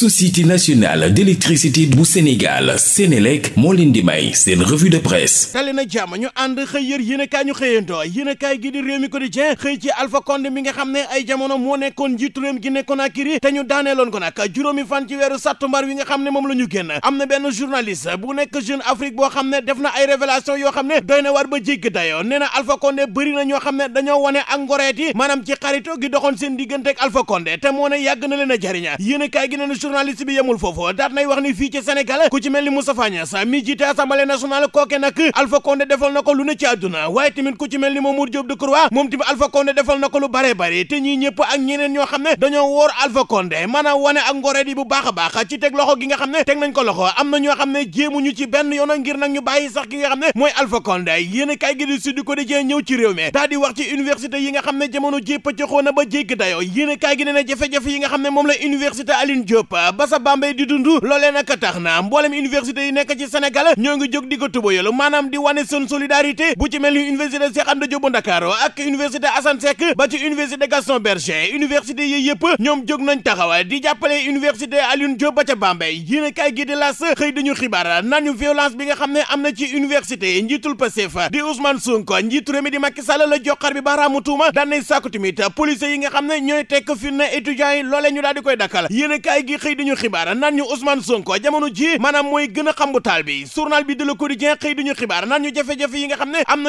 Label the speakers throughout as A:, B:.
A: société nationale d'électricité bu Sénégal Sénélec moo leen di may seen revue de presse tali na jàmm ñu ànd xëy yër yén ñu xëyandoo yén gi di réew mi quotidien xëy ci Alpha Condé mi nga xam ne ay jamono moo nekkoon njiitu réew gi nekkoon Conakry te ñu daaneeloon ko nag juróomi fan ci weeru sàttumbar wi nga xam ne moom la ñu génn am na benn journaliste bu nekk Jeune Afrique boo xam ne def na ay révélation yoo xam ne doy na war ne dañoo wane ak ngoreet yi maanaam ci xarito gi doxoon seen diggante ak Alpha Condé te moo ne na leen a jariña yéen journaliste bi yemul foofu daat nay wax ni fii ci Sénégal ku ci mel ni Moustapha Niasse mi jiite assemblée nationale kooke nag Alpha defal na ko lu ne ci àdduna waaye tamit ku ci mel ni Mamour Diop Decroix moom tamit Alpha defal na ko lu bare bare te ñii ñëpp ak ñeneen ñoo xam ne dañoo wóor Alpha Condé maanaam wane ak ngore di bu baax baax ci teg loxo gi nga xam ne teg nañ ko loxo am na ñoo xam ne jéemuñu ci benn yoon ngir nag ñu bàyyi sax ki nga xam ne mooy Alpha Condé yéen a kaay yi nga xam ne jamono jépp ci a kaay gi ne ne jafe ba sa Bambey di dund loolee nag tax na mboolem université yi nekk ci Sénégal ñoo ngi jóg di ko tubayalu maanaam di wane seen solidarité bu ci mel ni université Cheikh Anta Diop bu Ndakaaru ak université Assane Seck ba ci université Gaston Berger université yi yëpp ñoom jóg nañ taxaw di jàppale université Alioune Diop ba ca Bambey yéen a kaay gi di las xëy dañu xibaar naan ñu violence bi nga xam ne am na ci université njiitul Pastef di di Macky Sall xëy di ñu xibaar a na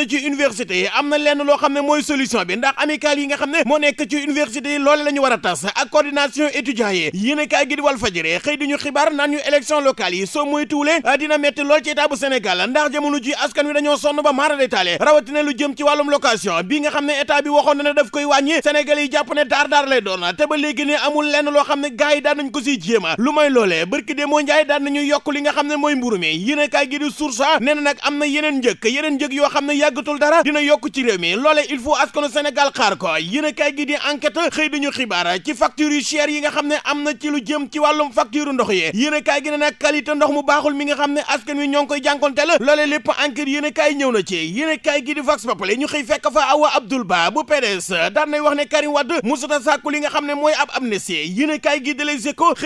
A: ci université yi am na lenn bi ndax amical yi nga xam ne moo nekk ci université yi loole la ñu a tas ak coordination étudiants yi yéen kaay gi di Walf Fadjri xëy di ñu xibaar ah, ndax jamono ji askan wi dañoo sonn ba maara détaale rawatina jëm ci wàllum location bi nga xam ne état bi waxoon ne daf koy wàññi Sénégal yi jàpp ne daar daar lay doon te ba léegi ne amul lenn loo xam ne gars daan nañ ko si jéema lu mooy loolee bërki dee moo njaay daan nañu yokk li nga xam ne mooy mburu mi yéen gi di source nee nag am na yeneen njëkk yeneen njëkk yoo xam ne yàggatul dara dina yokk ci réew mi loolee il faut askanu Sénégal xaar ko yéen gi di enquête xëy dañu xibaar ci factures yu cher yi nga xam ne am na ci lu jëm ci wàllum facture ndox yi yéen gi ne nag qualité ndox mi nga xam ne askan wi ñoo ngi koy jànkonte la loolee lépp ñu xëy fekk fa Awa Abdoul Ba bu PDS daan wax ne Karim Wade musuta sàkku li nga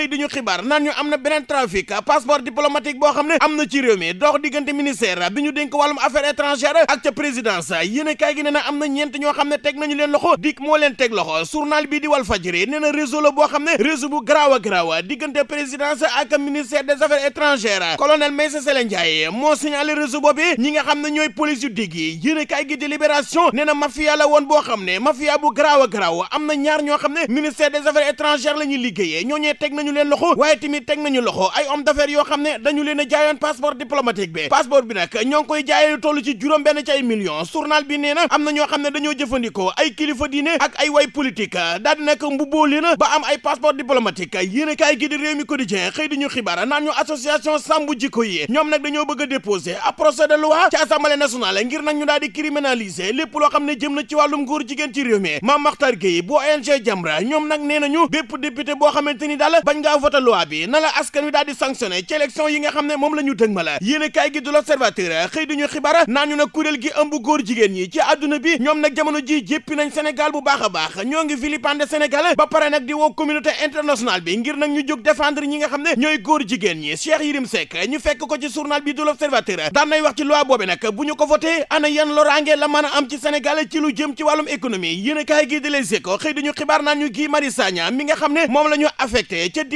A: xëy di ñu xibaar naan ñu am na beneen trafic passeport diplomatique boo xam ne am na ci réew mi dox diggante ministère bi ñu dénk wàllum affaires étrangères ak ca présidence yéene kaay gi nee am na ñeent ñoo xam ne teg nañu leen loxo dik moo leen teg loxo journal bii di Walf Fadjri nee na réseau la boo xam ne réseau bu garaaw a diggante présidence ak ministère des affaires étrangères colonel Meïssa Sélé Ndiaye moo signalé réseau boobu ñi nga xam ne ñooy police leen loxo waaye tamit teg nañu loxo ay homme d'affaires yoo xam ne dañu leen jaayoon passeport diplomatique bi passeport bi nag ñoo koy jaayee lu ci juróom benn ci ay millions journal bi nee na am na ñoo xam ne dañoo jëfandikoo ay kilifa diine ak ay way politique daal di nag mbubboo leen ba am ay passeport diplomatique yéen a kaay gi di réew mi quotidien xëy di ñu xibaar naan ñu association sàmm yi ñoom nag dañoo bëgg a déposer ab projet de ngaa voté loi nag a baax ñoo ngi vilipande Sénégal ba pare nag ñu jóg défendre ñi nga xam ne ñooy góor jigéen ñi Cheikh Yirim Seck ñu fekk ko ci journal bi du l'observateur daan wax ci loi boobi nag bu ñu ko voté ana yan loraange la mën a am ci Sénégal ci lu jëm ci wàllum économie yéen a kaay gii di xëy dañu xibaar naan ñu Guy Marius mi nga xam ne moom la ñu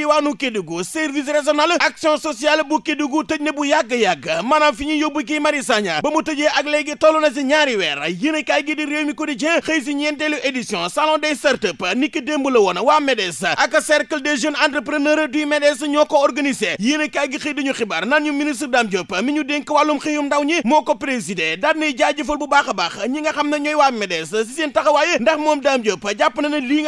A: diwaanu Kédougou service régional action sociale bu Kédougou tëj na bu yàgg-yàgg maanaam fi ñuy yóbbu kii Mari Sagna ba mu tëjee ak léegi toll na si ñaari weer yéen kaay gi di réew mi quotidien xëy si ñeenteelu édition salon des startup niki démb la woon waa MEDES ak cercle des jeunes entrepreneurs du MEDES ñoo ko organisé yéen kaay gi xëy dañu xibaar naan ñu ministre Dame Diop mi ñu dénk wàllum xëyum ndaw ñi moo ko présidé daan nay jaajëfal nga xam ne ñooy waa MEDES si seen taxawaay ndax moom Dame Diop jàpp na ne lii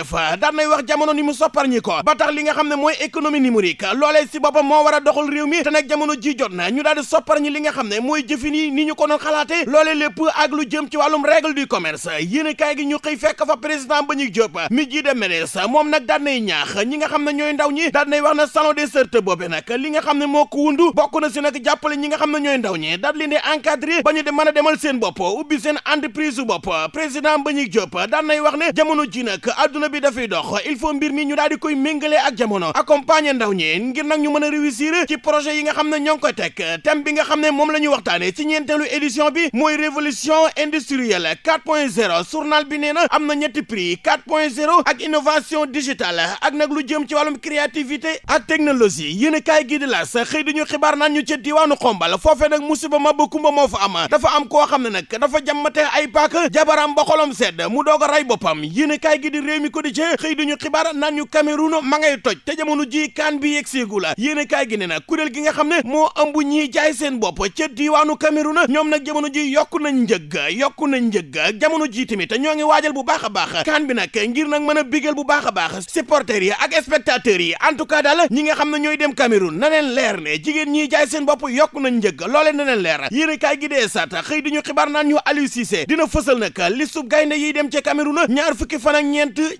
A: def daan nay wax jamono ni mu soppar ñi ko ba tax li nga xam ne mooy économie numérique loolee si boppam moo war a doxal réew mi te nag jamono ji jot na ñu daal di soppar ñi li nga xam ne mooy jëfin yi ni ñu ko doon xalaate loolee lépp ak lu jëm ci wàllum règle du commerce yéen kaay gi ñu xëy fekk fa président ba ñuy jóp mi ji de menees moom nag daan ñaax ñi nga xam ne ñooy ndaw ñi daan nay wax na salon des certes boobe nag li nga xam ne moo ko wundu bokk na si nag jàppale ñi nga xam ne ñooy ndaw ñi daal leen di encadré ba ñu de mën a demal seen bopp ubbi seen entreprise bopp président ba ñuy daan nay wax ne jamono ji nag àdduna bi dafay dox il faut mbir mi ñu daal di koy méngale ak jamono accompagner ndaw ñi ngir nag ñu mën a réussir ci projet yi nga xam ne ñoo ngi koy teg bi nga xam ne moom la waxtaane ci ñeenteelu édition bi mooy révolution industrielle 4.0 bi nee na am na ñetti prix ak innovation digitale ak nag lu jëm ci wàllum créativité ak technologie yéen a di las xëy di xibaar naan ñu ci diwaanu xombal foofee nag musiba ma ba kumba moo fa am dafa a a kaay Quotidien xëy duñu xibaar naan ñu Cameroun ma ngay toj te jamono ji kaan bi yegg seegul yéene kaay gi ne na kuréel gi nga xam ne moo ëmb ñiy jaay seen bopp ca diwaanu Cameroun ñoom nag jamono ji yokk nañ njëg yokku nañ njëg jamono ji tamit ñoo ngi waajal bu baax a baax kaan bi nag ngir nag mën a bigal bu baax a baax supporters yi ak spectateurs yi en tout cas daal ñi nga xam ne ñooy dem Cameroun na leen leer ne jigéen ñi jaay seen bopp yokk nañ njëg loolee na leen leer yéene kaay gi dee sat xëy duñu xibaar naan ñu Aliou Cissé dina fësal nag listub gaynde yiy ñaar fukki fan ñeent